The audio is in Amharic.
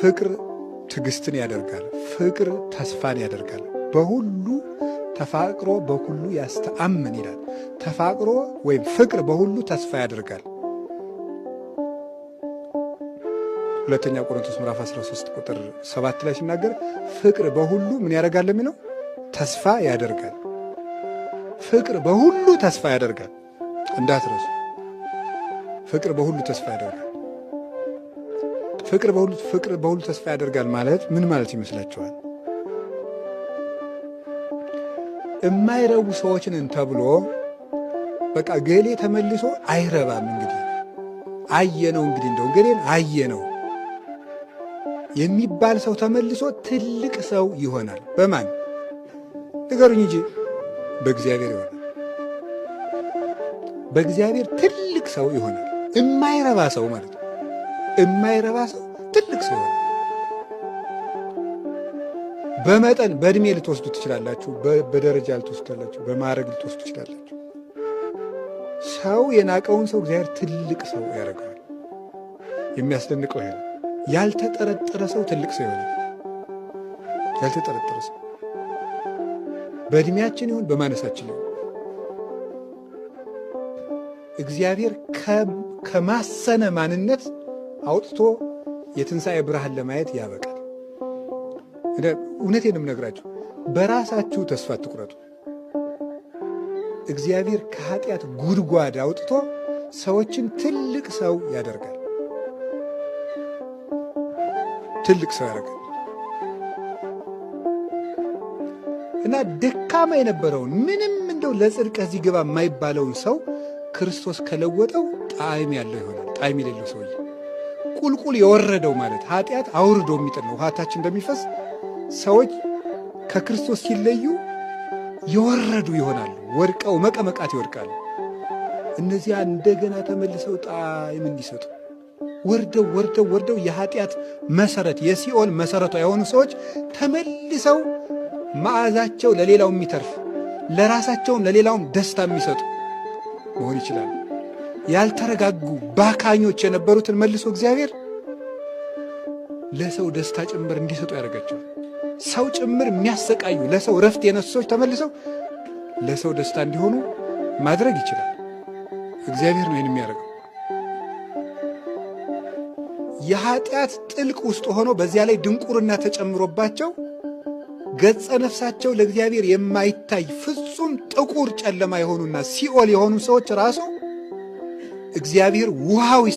ፍቅር ትዕግስትን ያደርጋል። ፍቅር ተስፋን ያደርጋል። በሁሉ ተፋቅሮ በሁሉ ያስተአምን ይላል። ተፋቅሮ ወይም ፍቅር በሁሉ ተስፋ ያደርጋል። ሁለተኛ ቆሮንቶስ ምዕራፍ 13 ቁጥር 7 ላይ ሲናገር ፍቅር በሁሉ ምን ያደርጋል የሚለው ተስፋ ያደርጋል። ፍቅር በሁሉ ተስፋ ያደርጋል። እንዳትረሱ፣ ፍቅር በሁሉ ተስፋ ያደርጋል። ፍቅር በሁሉ ፍቅር በሁሉ ተስፋ ያደርጋል ማለት ምን ማለት ይመስላችኋል? የማይረቡ ሰዎችንን ተብሎ በቃ ገሌ ተመልሶ አይረባም። እንግዲህ አየ ነው እንግዲህ እንደው ገሌን አየ ነው የሚባል ሰው ተመልሶ ትልቅ ሰው ይሆናል። በማን ንገሩኝ እንጂ በእግዚአብሔር ይሆናል። በእግዚአብሔር ትልቅ ሰው ይሆናል። የማይረባ ሰው ማለት ነው። የማይረባ ሰው ትልቅ ሰው ይሆናል። በመጠን በእድሜ ልትወስዱ ትችላላችሁ፣ በደረጃ ልትወስዳላችሁ፣ በማዕረግ ልትወስዱ ትችላላችሁ። ሰው የናቀውን ሰው እግዚአብሔር ትልቅ ሰው ያደርገዋል። የሚያስደንቀው ይሆናል። ያልተጠረጠረ ሰው ትልቅ ሰው ይሆናል። ያልተጠረጠረ ሰው በእድሜያችን ይሁን በማነሳችን ይሁን እግዚአብሔር ከማሰነ ማንነት አውጥቶ የትንሣኤ ብርሃን ለማየት ያበቃል። እውነቴንም ነግራችሁ በራሳችሁ ተስፋ ትቁረጡ። እግዚአብሔር ከኃጢአት ጉድጓድ አውጥቶ ሰዎችን ትልቅ ሰው ያደርጋል። ትልቅ ሰው ያደርጋል እና ደካማ የነበረውን ምንም እንደው ለጽድቅ እዚህ ግባ የማይባለውን ሰው ክርስቶስ ከለወጠው ጣዕም ያለው ይሆናል። ጣዕም የሌለው ሰውዬ ቁልቁል የወረደው ማለት ኃጢአት አውርዶ የሚጥል ነው። ውሃታችን እንደሚፈስ ሰዎች ከክርስቶስ ሲለዩ የወረዱ ይሆናሉ። ወድቀው መቀመቃት ይወድቃሉ። እነዚያ እንደገና ተመልሰው ጣዕም እንዲሰጡ ወርደው ወርደው ወርደው የኃጢአት መሰረት የሲኦል መሰረቷ የሆኑ ሰዎች ተመልሰው መዓዛቸው ለሌላው የሚተርፍ ለራሳቸውም ለሌላውም ደስታ የሚሰጡ መሆን ይችላል። ያልተረጋጉ ባካኞች የነበሩትን መልሶ እግዚአብሔር ለሰው ደስታ ጭምር እንዲሰጡ ያደረጋቸው ሰው ጭምር የሚያሰቃዩ ለሰው ረፍት የነሱ ሰዎች ተመልሰው ለሰው ደስታ እንዲሆኑ ማድረግ ይችላል። እግዚአብሔር ነው ይህን የሚያደርገው። የኃጢአት ጥልቅ ውስጥ ሆኖ በዚያ ላይ ድንቁርና ተጨምሮባቸው ገጸ ነፍሳቸው ለእግዚአብሔር የማይታይ ፍጹም ጥቁር ጨለማ የሆኑና ሲኦል የሆኑ ሰዎች ራሱ እግዚአብሔር ውሃው